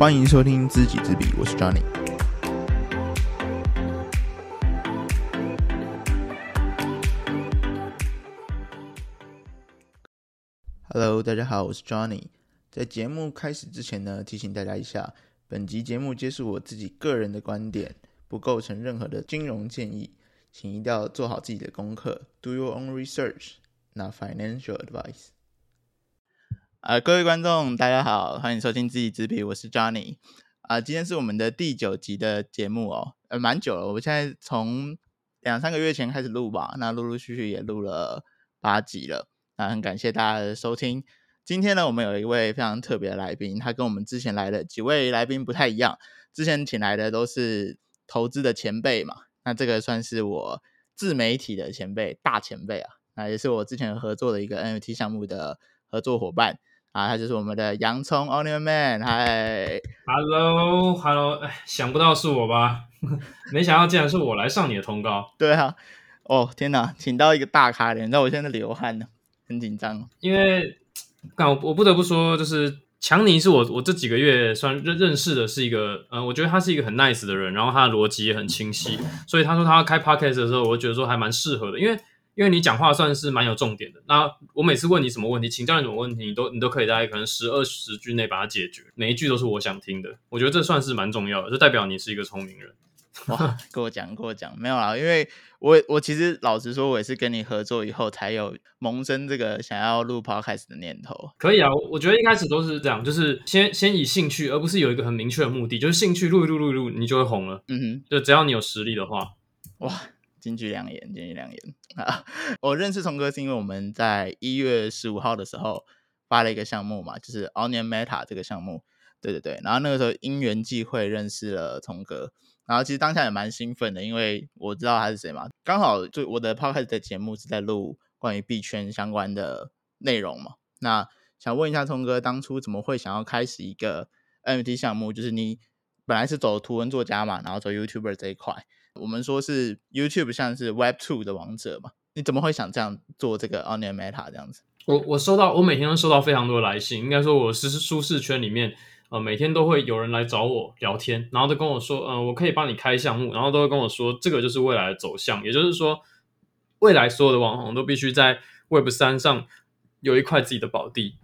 歡迎收聽資己資彼，我是 Johnny。Hello，大家好，我是 Johnny。在節目開始之前呢，提醒大家一下，本集節目皆是我自己個人的觀點，不構成任何的金融建議，請一定要做好自己的功課，Do your own research，not financial advice。呃，各位觀眾，大家好，歡迎收聽《資己資彼》，我是 Johnny。啊、呃，今天是我們的第九集的節目哦，呃，蠻久了，我們現在從兩三個月前開始錄吧，那陸陸續續也錄了八集了。那很感謝大家的收聽。今天呢，我們有一位非常特別的來賓，他跟我們之前來的幾位來賓不太一樣。之前請來的都是投資的前輩嘛，那這個算是我自媒體的前輩，大前輩啊。那也是我之前合作的一個 NFT 項目的合作夥伴。啊，他就是我們的洋蔥 Onion Man，嗨，Hello，Hello，哎，想不到是我吧？ 沒想到竟然是我來上你的通告。 對啊，哦天哪，請到一個大咖來，你知道我現在流汗了，很緊張。因為，我，我不得不說，就是強尼是我我這幾個月算認認識的，是一個、呃，我覺得他是一個很 nice 的人，然後他的邏輯也很清晰， 所以他說他要開 podcast 的時候，我覺得說還蠻適合的，因為。因為你講話算是蠻有重點的，那我每次問你什麼問題，請教你什麼問題，你都你都可以在可能十二十句內把它解決，每一句都是我想聽的，我覺得這算是蠻重要的，這代表你是一個聰明人。哇，跟我講跟我講沒有啦，因為我我其實老實說，我也是跟你合作以後才有萌生這個想要錄 podcast 的念頭。可以啊，我覺得一開始都是這樣，就是先先以興趣，而不是有一個很明確的目的，就是興趣錄一錄錄一錄，你就會紅了。嗯哼，就只要你有實力的話，哇。金句良言，金句良言啊！ 我認識聰哥是因為我們在一月十五號的時候發了一個項目嘛，就是 Onion Meta 這個項目，對對對。然後那個時候因緣際會認識了聰哥，然後其實當下也蠻興奮的，因為我知道他是誰嘛。剛好就我的 podcast 的節目是在錄關於幣圈相關的內容嘛，那想問一下聰哥，當初怎麼會想要開始一個 NFT 項目？就是你本來是走圖文作家嘛，然後走 YouTuber 這一塊。我們說是 YouTube 像是 Web Two 的王者嘛，你怎麼會想這樣做這個 Onion Meta 這樣子？我我收到，我每天都收到非常多的來信。應該說我是舒適圈裡面，呃，每天都會有人來找我聊天，然後都跟我說，呃，我可以幫你開項目，然後都會跟我說，這個就是未來的走向。也就是說，未來所有的網紅都必須在 Web 三上有一塊自己的寶地，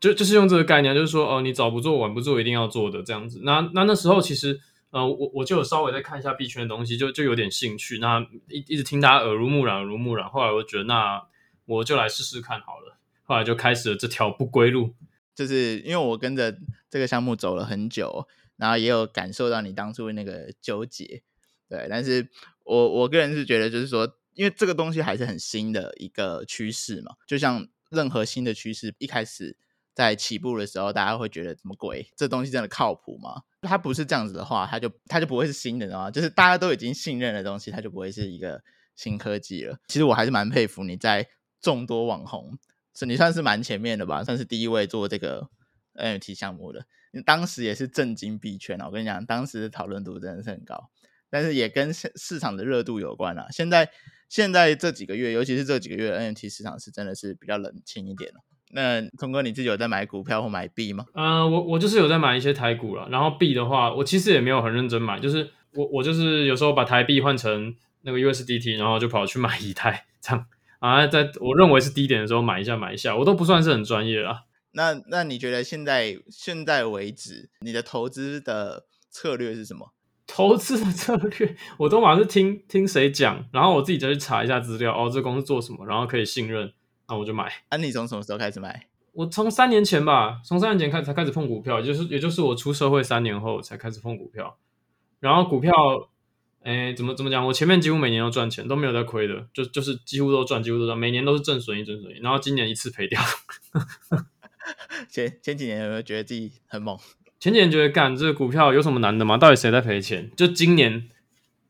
就就是用這個概念，就是說，哦、呃，你早不做晚不做，一定要做的這樣子。那那那時候其實。呃，我我就稍微再看一下幣圈的東西，就就有點興趣。那一一直聽大家耳濡目染，耳濡目染。後來我覺得，那我就來試試看好了。後來就開始了這條不歸路，就是因為我跟着這個項目走了很久，然後也有感受到你當初那個糾結。對，但是我我個人是覺得，就是說，因為這個東西還是很新的一個趨勢嘛，就像任何新的趨勢一開始。在起步的時候，大家會覺得什麼鬼？這東西真的靠譜嗎？它不是這樣子的話，它就它就不會是新的啊。就是大家都已經信任的東西，它就不會是一個新科技了。其實我還是蠻佩服你在眾多網紅，是你算是蠻前面的吧，算是第一位做這個 NFT 項目的。當時也是震驚幣圈啊，我跟你講，當時的討論度真的是很高。但是也跟市市場的熱度有關啊。現在現在這幾個月，尤其是這幾個月，NFT 市場是真的是比較冷清一點了。那聰哥，你自己有在買股票或買幣嗎？呃，我我就是有在買一些台股啦，然後幣的話，我其實也沒有很認真買，就是我我就是有時候把台幣換成那個 USDT，然後就跑去買以太這樣啊，在我認為是低點的時候買一下買一下，我都不算是很專業啦。那那你覺得現在現在為止你的投資的策略是什麼？投資的策略，我都馬上是聽聽誰講，然後我自己再去查一下資料，哦，這個公司做什麼，然後可以信任。那我就買。那、啊、你從什麼時候開始買？我從三年前吧，從三年前開始才開始碰股票，也就是也就是我出社會三年後才開始碰股票。然後股票，哎、欸，怎麼怎麼講？我前面幾乎每年都賺錢，都沒有在虧的，就就是幾乎都賺，幾乎都賺，每年都是正損益，正損益。然後今年一次賠掉。 前前幾年有沒有覺得自己很猛？前幾年覺得幹這個股票有什麼難的嗎？到底誰在賠錢？就今年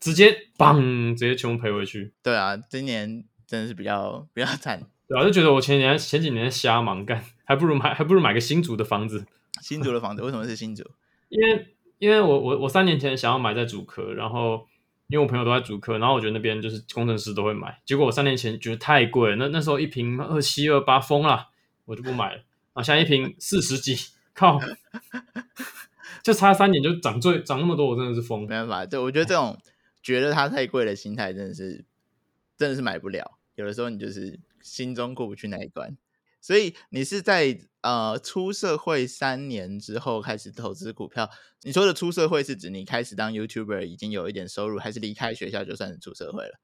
直接砰，直接全部賠回去。對啊，今年真的是比較比較慘。對啊，就覺得我前年前幾年瞎忙幹，還不如買，還不如買個新竹的房子。新竹的房子為什麼是新竹？ 因為因為我我我三年前想要買在竹科，然後因為我朋友都在竹科，然後我覺得那邊就是工程師都會買。結果我三年前覺得太貴了，那那時候一坪二七二八瘋了，我就不買了啊。像 一坪四十幾，靠， 就差三年就漲最漲那麼多，我真的是瘋。沒辦法，對，我覺得這種覺得它太貴的心態真的是 真的是買不了。有的時候你就是。心中過不去那一關，所以你是在呃出社會三年之後開始投資股票。你說的出社會是指你開始當 YouTuber 已經有一點收入，還是離開學校就算是出社會了？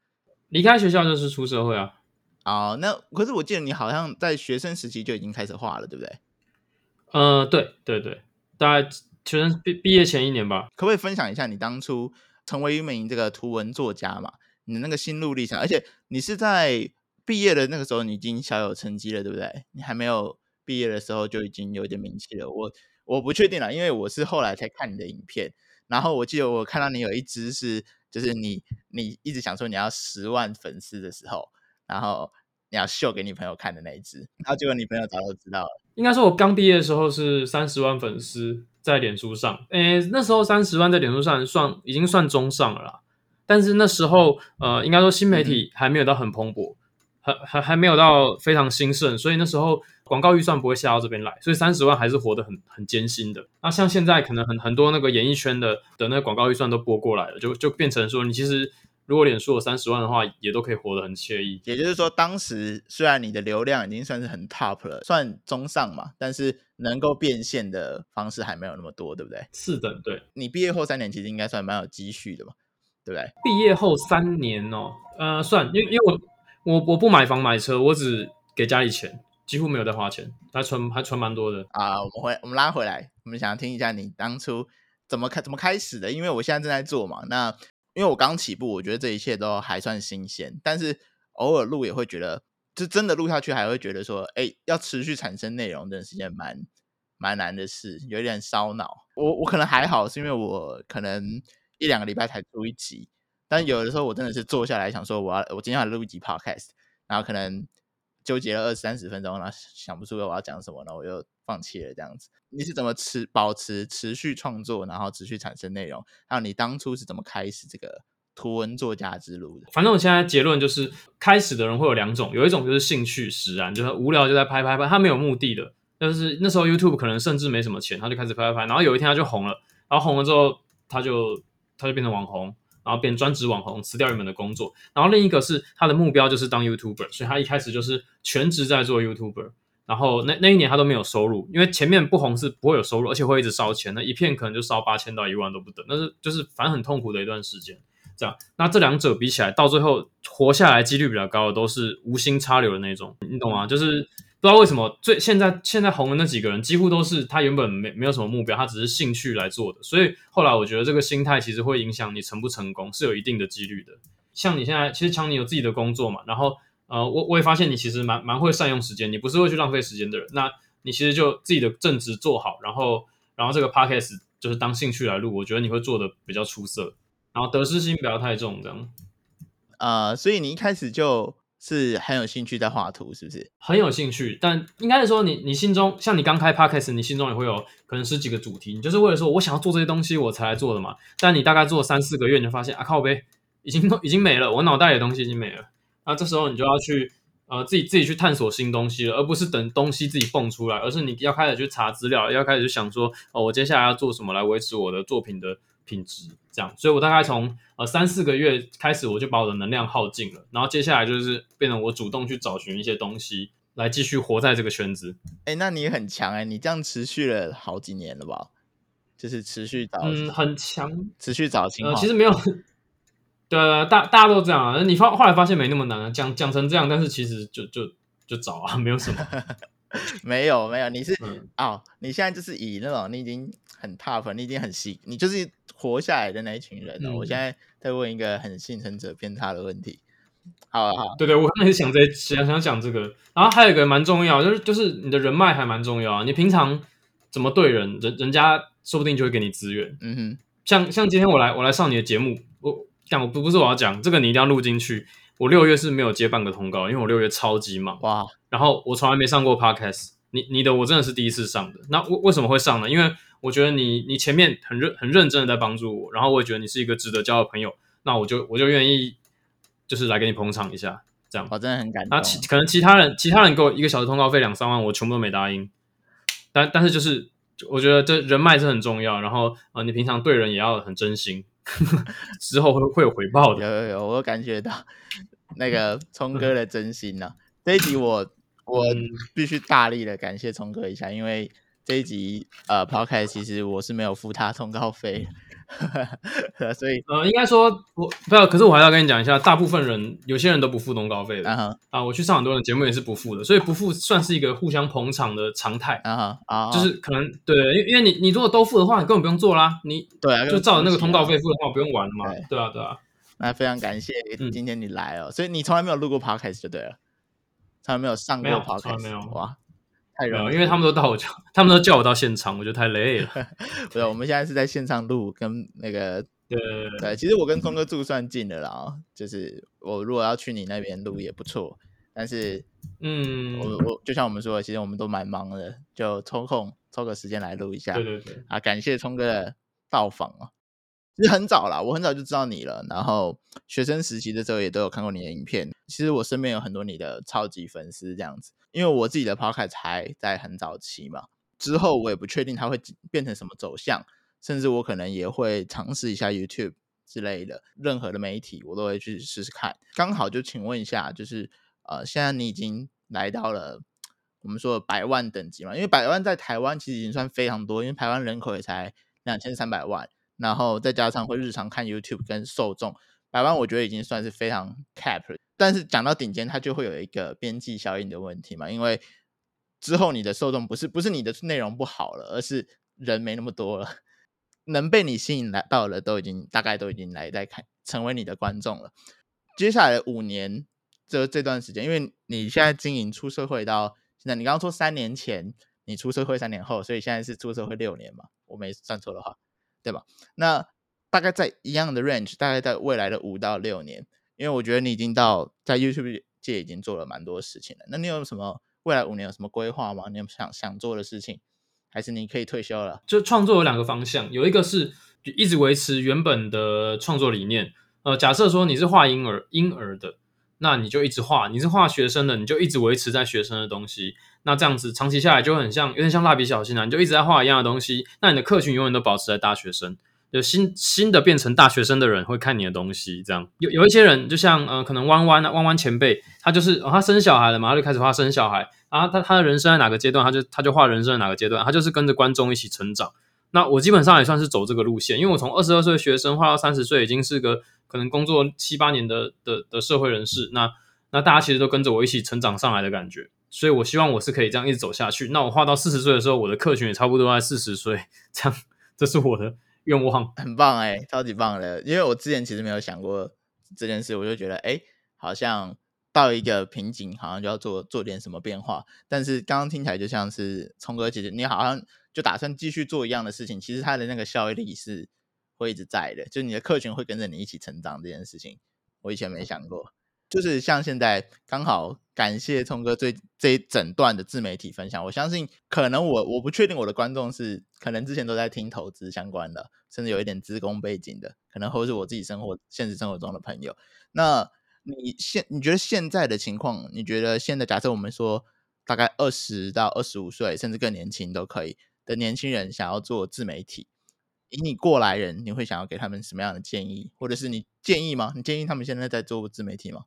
離開學校就是出社會啊。哦，那可是我記得你好像在學生時期就已經開始畫了，對不對？呃，對對對，大概學生畢畢業前一年吧。可不可以分享一下你當初成為一名這個圖文作家嘛？你的那個心路歷程，而且你是在。畢業的那個時候，你已經小有成績了，對不對？你還沒有畢業的時候就已經有點名氣了。我我不確定了，因為我是後來才看你的影片。然後我記得我看到你有一隻是，就是你你一直想說你要十萬粉絲的時候，然後你要秀給你朋友看的那一隻，然後結果你朋友早就知道了。應該說，我剛畢業的時候是三十萬粉絲在臉書上，誒、欸，那時候三十萬在臉書上算已經算中上了啦，但是那時候呃，應該說新媒體還沒有到很蓬勃。嗯還還還沒有到非常興盛，所以那時候廣告預算不會下到這邊來，所以三十萬還是活得很很艱辛的。那、啊、像現在可能很很多那個演藝圈的的那個廣告預算都撥過來了，就就變成說你其實如果臉書有三十萬的話，也都可以活得很愜意。也就是說，當時雖然你的流量已經算是很 top 了，算中上嘛，但是能夠變現的方式還沒有那麼多，對不對？是的，對。你畢業後三年其實應該算蠻有積蓄的嘛，對不對？畢業後三年哦，呃，算，因為因為我。我我不買房買車，我只給家裡錢，幾乎沒有在花錢，還存還存蠻多的啊。我們回我們拉回來，我們想要聽一下你當初怎麼開怎麼開始的，因為我現在正在做嘛。那因為我剛起步，我覺得這一切都還算新鮮，但是偶爾錄也會覺得，就真的錄下去還會覺得說，哎，要持續產生內容，真的是一件蠻蠻難的事，有點燒腦。我我可能還好，是因為我可能一兩個禮拜才出一集。但有的時候我真的是坐下來想說，我要我今天要錄一集 podcast，然後可能糾結了二三十分鐘，然後想不出我要講什麼，然後我又放棄了這樣子。你是怎麼持保持持續創作，然後持續產生內容？還有你當初是怎麼開始這個圖文作家之路的？反正我現在結論就是，開始的人會有兩種，有一種就是興趣使然，就是無聊就在拍拍拍，他沒有目的的。但、就是那時候 YouTube 可能甚至沒什麼錢，他就開始拍拍拍，然後有一天他就紅了，然後紅了之後他就他就，他就變成網紅。然後變專職網紅，辭掉你們的工作。然後另一個是他的目標就是當 YouTuber，所以他一開始就是全職在做 YouTuber。然後那那一年他都沒有收入，因為前面不紅是不會有收入，而且會一直燒錢。那一片可能就燒八千到一萬都不等，那是就是反正很痛苦的一段時間。這樣，那這兩者比起來，到最後活下來幾率比較高的都是無心插柳的那種，你懂嗎？就是。不知道為什麼，最現在現在紅的那幾個人幾乎都是他原本沒沒有什麼目標，他只是興趣來做的。所以後來我覺得這個心態其實會影響你成不成功，是有一定的幾率的。像你現在，其實強，你有自己的工作嘛，然後呃，我我也發現你其實蠻蠻會善用時間，你不是會去浪費時間的人。那你其實就自己的正職做好，然後然後這個 podcast 就是當興趣來錄，我覺得你會做的比較出色。然後得失心不要太重，這樣。啊、呃，所以你一開始就。是很有興趣在畫圖，是不是？很有興趣，但應該是說你你心中，像你剛開 Podcast 你心中也會有可能十幾個主題，你就是為了說我想要做這些東西我才來做的嘛。但你大概做三四個月，你就發現啊靠杯，已經都已經沒了，我腦袋裡的東西已經沒了。那這時候你就要去呃自己自己去探索新東西了，而不是等東西自己蹦出來，而是你要開始去查資料，要開始去想說哦、呃、我接下來要做什麼來維持我的作品的品質這樣，所以我大概從呃三四個月開始，我就把我的能量耗盡了。然後接下來就是變成我主動去找尋一些東西來繼續活在這個圈子。哎、欸，那你很強哎、欸，你這樣持續了好幾年了吧？就是持續找，嗯，很強，持續找尋、呃。其實沒有， 對，大大,大家都這樣啊。你發後來發現沒那麼難啊，講講成這樣，但是其實就就就,就找啊，沒有什麼。 沒有沒有，你是、嗯、哦，你現在就是以那種你已經很 tough，你已經很幸，你就是活下來的那一群人了。嗯、我現在在問一個很倖存者偏差的問題，好好，對對，我剛才想在想想講這個，然後還有一個蠻重要，就是就是你的人脈還蠻重要，你平常怎麼對人，人人家說不定就會給你資源。嗯哼，像像今天我來我來上你的節目，我幹不不是我要講這個，你一定要錄進去。我六月是沒有接半個通告，因為我六月超級忙。哇！然後我從來沒上過 Podcast，你你的我真的是第一次上的。那為為什麼會上呢？因為我覺得你你前面很認很認真的在幫助我，然後我也覺得你是一個值得交的朋友，那我就我就願意就是來給你捧場一下，這樣。我真的很感動啊，其可能其他人其他人給我一個小時通告費兩三萬，我全部都沒答應。但但是就是我覺得這人脈是很重要，然後呃你平常對人也要很真心。 之後會會有回報的，有有有，我感覺到那個聰哥的真心呢、啊。這一集我我必須大力的感謝聰哥一下，因為這一集呃拋開，Podcast、其實我是沒有付他通告費。 啊、所以，呃，應該說，我不要。可是我還要跟你講一下，大部分人有些人都不付通告費的啊。啊，我去上很多的節目也是不付的，所以不付算是一個互相捧場的常態啊。啊，啊，就是可能對，因為因為你你如果都付的話，你根本不用做啦。你對啊，就照着那個通告費付的話，不用玩了嘛，對啊，對啊。對啊對啊對啊嗯、那非常感謝今天你來哦、嗯，所以你從來沒有錄過 Podcast 就對了，從來沒有上過 Podcast，沒有，從來沒有哇。太熱、嗯，因為他們都到我，他們都叫我到現場，我覺得太累了。不 是，我們現在是在線上錄，跟那個對對,對對對。其實我跟蔥哥住算近的啦、嗯，就是我如果要去你那邊錄也不錯。但是，嗯，我我就像我們說的，其實我們都蠻忙的，就抽空抽個時間來錄一下。對,對對對。啊，感謝蔥哥的到訪哦。其實很早啦，我很早就知道你了，然後學生時期的時候也都有看過你的影片。其實我身邊有很多你的超級粉絲這樣子。因為我自己的 Podcast 還在很早期嘛，之後我也不確定它會變成什麼走向，甚至我可能也會嘗試一下 YouTube 之類的，任何的媒體我都會去試試看，剛好就請問一下，就是呃，現在你已經來到了我們說的百萬等級嘛？因為百萬在台灣其實已經算非常多，因為台灣人口也才兩千三百萬，然後再加上會日常看 YouTube 跟受眾，百萬我覺得已經算是非常 cap，但是講到頂尖，它就會有一個邊際效應的問題嘛，因為之後你的受眾不是，不是你的內容不好了，而是人沒那麼多了，能被你吸引來到了都已經大概都已經來在看成為你的觀眾了。接下來五年這這段時間，因為你現在經營出社會到現在，你剛剛說三年前你出社會三年後，所以現在是出社會六年嘛，我沒算錯的話，對吧？那。大概在一樣的 range，大概在未來的五到六年，因為我覺得你已經到在 YouTube 界已經做了蠻多事情了。那你有什麼未來五年有什麼規劃嗎？你有想想做的事情，還是你可以退休了？就創作有兩個方向，有一個是一直維持原本的創作理念。呃，假設說你是畫嬰兒，嬰兒的，那你就一直畫；你是畫學生的，你就一直維持在學生的東西。那這樣子長期下來就很像有點像蠟筆小新啊，你就一直在畫一樣的東西。那你的客群永遠都保持在大學生。有新新的變成大學生的人會看你的東西，這樣有有一些人就像呃，可能彎彎啊，彎彎前輩，他就是、哦、他生小孩了嘛，他就開始畫生小孩啊。他他的人生在哪個階段，他就他就畫人生在哪個階段，他就是跟着觀眾一起成長。那我基本上也算是走這個路線，因為我從二十二歲的學生畫到三十歲，已經是個可能工作七八年的的的社會人士。那那大家其實都跟着我一起成長上來的感覺，所以我希望我是可以這樣一直走下去。那我畫到四十歲的時候，我的客群也差不多在四十歲，這樣這是我的。願望很棒。哎、欸，超級棒的，因為我之前其實沒有想過這件事，我就覺得哎、欸，好像到一個瓶頸，好像就要做做點什麼變化。但是剛剛聽起來就像是聰哥姐姐，你好像就打算繼續做一樣的事情。其實他的那個效力是會一直在的，就你的客群會跟着你一起成長這件事情，我以前沒想過。就是像現在剛好感謝聰哥最這一整段的自媒體分享，我相信可能我我不確定我的觀眾是可能之前都在聽投資相關的，甚至有一點資工背景的，可能或是我自己生活現實生活中的朋友。那你現你覺得現在的情況，你覺得現在假設我們說大概二十到二十五歲，甚至更年輕都可以的年輕人想要做自媒體，以你過來人，你會想要給他們什麼樣的建議，或者是你建議嗎？你建議他們現在在做自媒體嗎？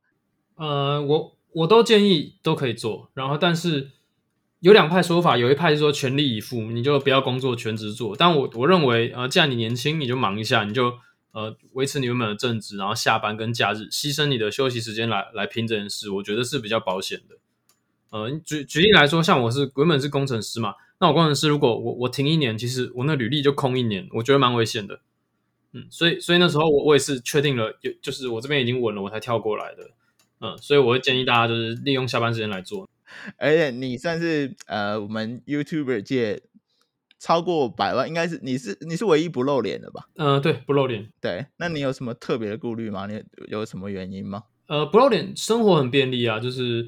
呃，我我都建議都可以做，然後但是有兩派說法，有一派是說全力以赴，你就不要工作全職做。但我我認為，呃，既然你年輕，你就忙一下，你就呃維持你原本的正職，然後下班跟假日犧牲你的休息時間來來拼這件事，我覺得是比較保險的。呃，舉舉例來說，像我是原本是工程師嘛，那我工程師如果我我停一年，其實我那履歷就空一年，我覺得蠻危險的。嗯，所以所以那時候我我也是確定了，有就是我這邊已經穩了，我才跳過來的。嗯，所以我會建議大家就是利用下班時間來做。而且你算是呃，我們 YouTuber 界，超過百萬，應該是你是你是唯一不露臉的吧？嗯、呃，對，不露臉。對，那你有什麼特別的顧慮嗎？你有，有什麼原因嗎？呃，不露臉，生活很便利啊。就是，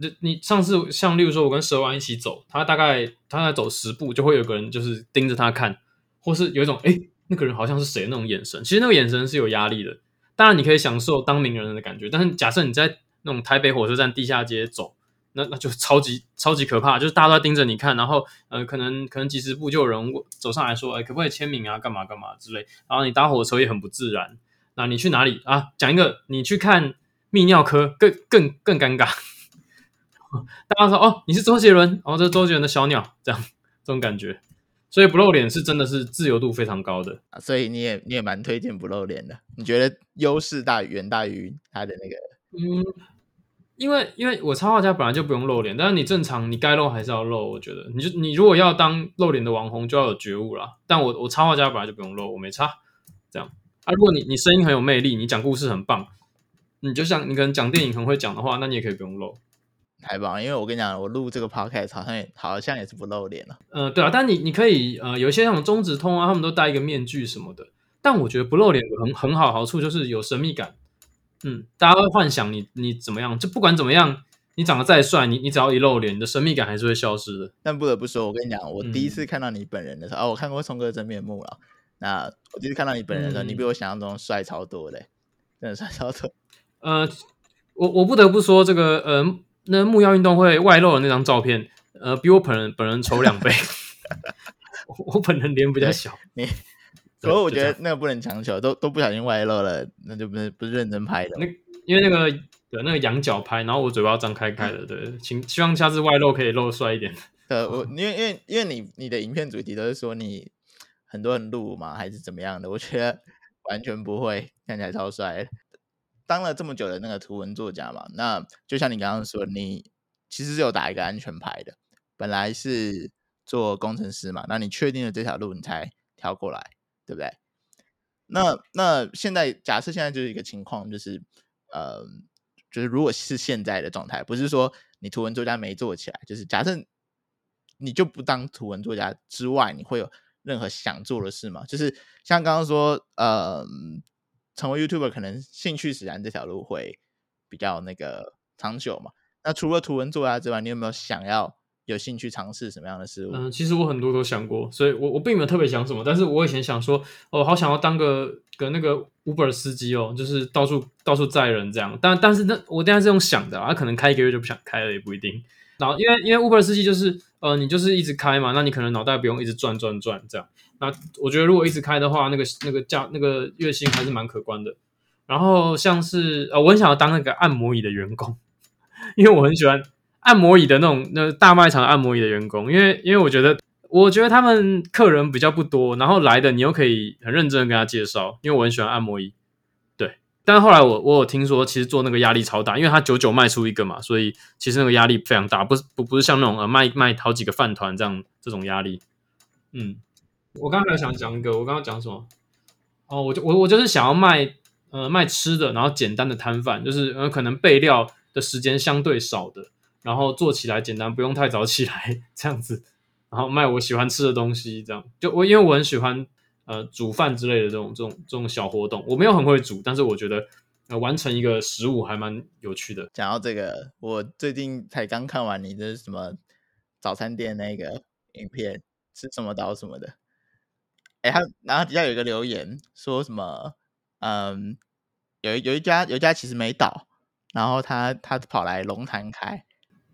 就你上次像，例如說，我跟蛇丸一起走，他大概他在走十步，就會有個人就是盯着他看，或是有一種哎，那個人好像是誰那種眼神，其實那個眼神是有壓力的。當然，你可以享受當名人的感覺，但是假設你在那種台北火車站地下街走，那那就超級超級可怕，就是大家都在盯着你看，然後呃，可能可能幾十步就有人走上來說，哎，可不可以簽名啊？幹嘛幹嘛之類，然後你搭火車也很不自然。那你去哪裡啊？講一個，你去看泌尿科，更更更尷尬。大家說，哦，你是周杰倫，然後這是周杰倫的小鳥，這樣這種感覺。所以不露臉是真的是自由度非常高的啊，所以你也你也蠻推薦不露臉的。你覺得優勢大於遠大於他的那個？嗯，因為因為我插畫家本來就不用露臉，但是你正常你該露還是要露。我覺得你就你如果要當露臉的網紅，就要有覺悟啦。但我我插畫家本來就不用露，我沒差這樣啊。如果你你聲音很有魅力，你講故事很棒，你就像你可能講電影很會講的話，那你也可以不用露。太棒！因為我跟你講，我錄這個 Podcast 好像也好像也是不露臉了啊。嗯，對啊，但你你可以呃，有一些像中指通啊，他們都戴一個面具什麼的。但我覺得不露臉很很好，好處就是有神秘感。嗯，大家會幻想你你怎麼樣。就不管怎麼樣，你長得再帥，你你只要一露臉，你的神秘感還是會消失的。但不得不說，我跟你講，我第一次看到你本人的時候啊、嗯哦，我看過聰哥真面目了。那我第一次看到你本人的時候，嗯，你比我想象中帥超多嘞，欸，真的帥超多。呃，我我不得不說這個呃。那個、木曜運動會外露的那張照片，呃，比我本人本人醜兩倍。 我本人臉比較小。所以我覺得那個不能強求，都都不小心外露了，那就不是不是認真拍的。那因為那個那個羊角拍，然後我嘴巴要張開開的。對，請希望下次外露可以露帥一點。呃，我、嗯、因為因為因為你你的影片主題都是說你很多人錄嘛，還是怎麼樣的？我覺得完全不會，看起來超帥當了這麼久的那個圖文作家嘛，那就像你剛剛說，你其實是有打一個安全牌的，本來是做工程師嘛，那你確定了這條路，你才挑過來，對不對？那那現在假設現在就是一個情況，就是嗯、呃，就是如果是現在的狀態，不是說你圖文作家沒做起來，就是假設你就不當圖文作家之外，你會有任何想做的事嗎？就是像剛剛說，嗯、呃。成為 YouTuber 可能興趣使然，這條路會比較那個長久嘛？那除了圖文作家，啊、之外，你有沒有想要有興趣嘗試什麼樣的事物？嗯、呃，其實我很多都想過，所以我我並沒有特別想什麼。但是我以前想說，我、呃、好想要當個跟那個 Uber 司機哦，就是到處到處載人這樣。但但是那我當然這種想的，啊，可能開一個月就不想開了，也不一定。然後因為因為 Uber 司機就是呃，你就是一直開嘛，那你可能腦袋不用一直轉轉轉這樣。那、啊、我覺得如果一直開的話，那個那個價那個月薪還是蠻可觀的。然後像是呃、哦，我很想要當那個按摩椅的員工，因為我很喜歡按摩椅的那種那個、大賣場按摩椅的員工，因為因為我覺得我覺得他們客人比較不多，然後來的你又可以很認真的跟他介紹，因為我很喜歡按摩椅。對，但後來我我有聽說，其實做那個壓力超大，因為他久久賣出一個嘛，所以其實那個壓力非常大，不是不不是像那種呃賣賣好幾個飯糰這樣這種壓力，嗯。我剛剛還想講一個，我剛剛講什麼？哦，我就我我就是想要賣呃賣吃的，然後簡單的攤販，就是呃可能備料的時間相對少的，然後做起來簡單，不用太早起來這樣子，然後賣我喜歡吃的東西，這樣就我因為我很喜歡呃煮飯之類的這種這種這種小活動，我沒有很會煮，但是我覺得呃完成一個食物還蠻有趣的。講到這個，我最近才剛看完你的、就是、什麼早餐店那個影片，吃什麼島什麼的。哎，他然後底下有一個留言說什麼？嗯，有一有一家有一家其實沒倒，然後他他跑來龍潭開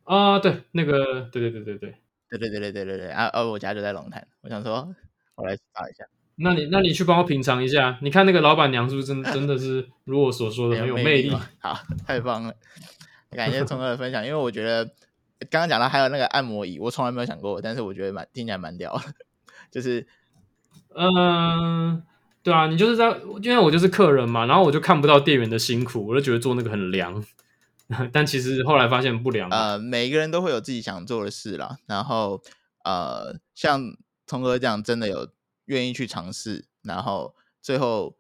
啊、呃，對，那個對對對對對，對對對對對對對對對對對對對啊啊！我家就在龍潭，我想說，我來查一下。那你那你去幫我品嘗一下，你看那個老闆娘是不是真真的是 如我所說的很有魅力？魅力好，太棒了，感謝聰哥的分享， 因為我覺得剛剛講到還有那個按摩椅，我從來沒有想過，但是我覺得蠻聽起來蠻屌的，就是。嗯、呃，對啊，你就是在，因為我就是客人嘛，然後我就看不到店員的辛苦，我就覺得做那個很涼，但其實後來發現不涼。呃，每個人都會有自己想做的事啦，然後呃，像彤哥這樣真的有願意去嘗試，然後最後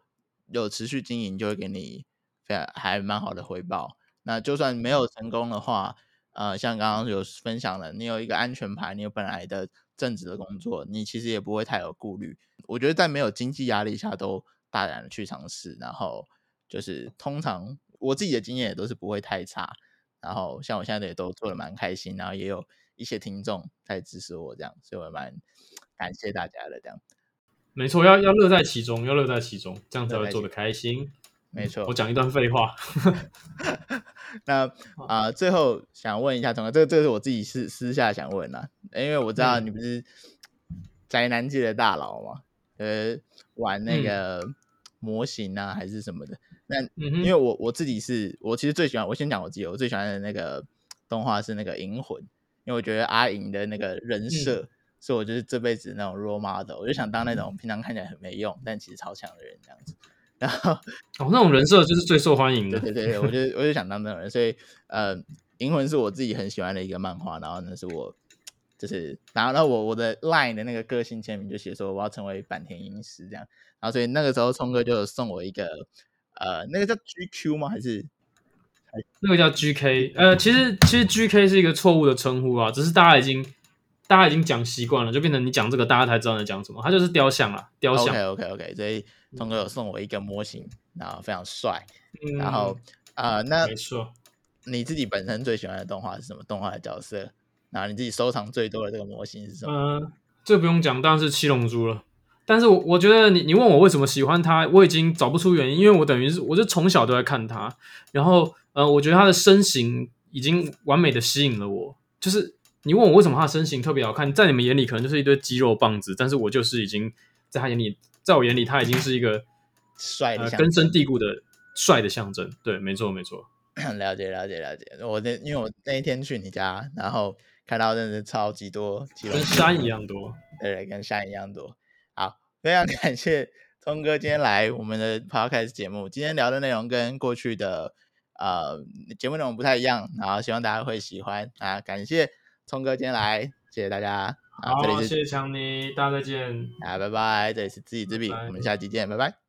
有持續經營，就會給你非常還蠻好的回報。那就算沒有成功的話，呃，像剛剛有分享的，你有一個安全牌，你有本來的。正職的工作，你其實也不會太有顧慮。我覺得在沒有經濟壓力下，都大膽的去嘗試。然後就是通常我自己的經驗也都是不會太差。然後像我現在也都做的蠻開心，然後也有一些聽眾在支持我這樣，所以我也蠻感謝大家的這樣。沒錯，要要樂在其中，要樂在其中，這樣才會做的開心。沒錯，我講一段廢話。 那啊、呃，最後想問一下，同、這、學、個，這個這是我自己私私下想問的、啊欸，因為我知道你不是宅男界的大佬嘛，呃、就是，玩那個模型啊，還是什麼的。那、嗯、因為我，我我自己是我其實最喜歡，我先講我自己，我最喜歡的那個動畫是那個《銀魂》，因為我覺得阿銀的那個人設，所、嗯、以我就是這輩子的那種 role model，、嗯、我就想當那種、嗯、平常看起來很沒用，但其實超強的人這樣子。然後，哦，那種人設就是最受歡迎的。對對對，我就我就想當那種人， 所以呃，《銀魂》是我自己很喜歡的一個漫畫，然後那是我就是，然後那我我的 LINE 的那個個性簽名就寫說我要成為坂田銀時這樣，然後所以那個時候聰哥就送我一個呃，那個叫 GQ 嗎？還是，還是那個叫 GK？呃，其實其實 GK 是一個錯誤的稱呼啊，只是大家已經。大家已經講習慣了，就變成你講這個，大家才知道在講什麼。他就是雕像啊，雕像。OK OK OK。所以通哥有送我一個模型，然後非常帥。然後啊、嗯呃，那沒錯，你自己本身最喜歡的動畫是什麼？動畫的角色？然後你自己收藏最多的這個模型是什麼？嗯、這不用講，當然是七龍珠了。但是我我覺得你你問我為什麼喜歡它，我已經找不出原因，因為我等於是我就從小都在看它，然後呃，我覺得它的身形已經完美的吸引了我，就是。你問我為什麼他的身形特別好看？在你們眼裡可能就是一堆肌肉棒子，但是我就是已經在他眼裡，在我眼裡他已經是一個帥的象徵、啊、根深蒂固的帥的象徵。對，沒錯，沒錯。了解，了解，了解。我那因為我那一天去你家，然後看到真的是超級多肌肉肌肉，跟山一樣多，對，跟山一樣多。好，非常感謝蔥哥今天來我們的 podcast 節目。今天聊的內容跟過去的呃節目內容不太一樣，然後希望大家會喜歡啊，感謝。聰哥今天來，謝謝大家。好，啊、這裡謝謝強尼，大家再見。啊，拜拜。這裡是資己資彼，拜拜，我們下期見，拜拜。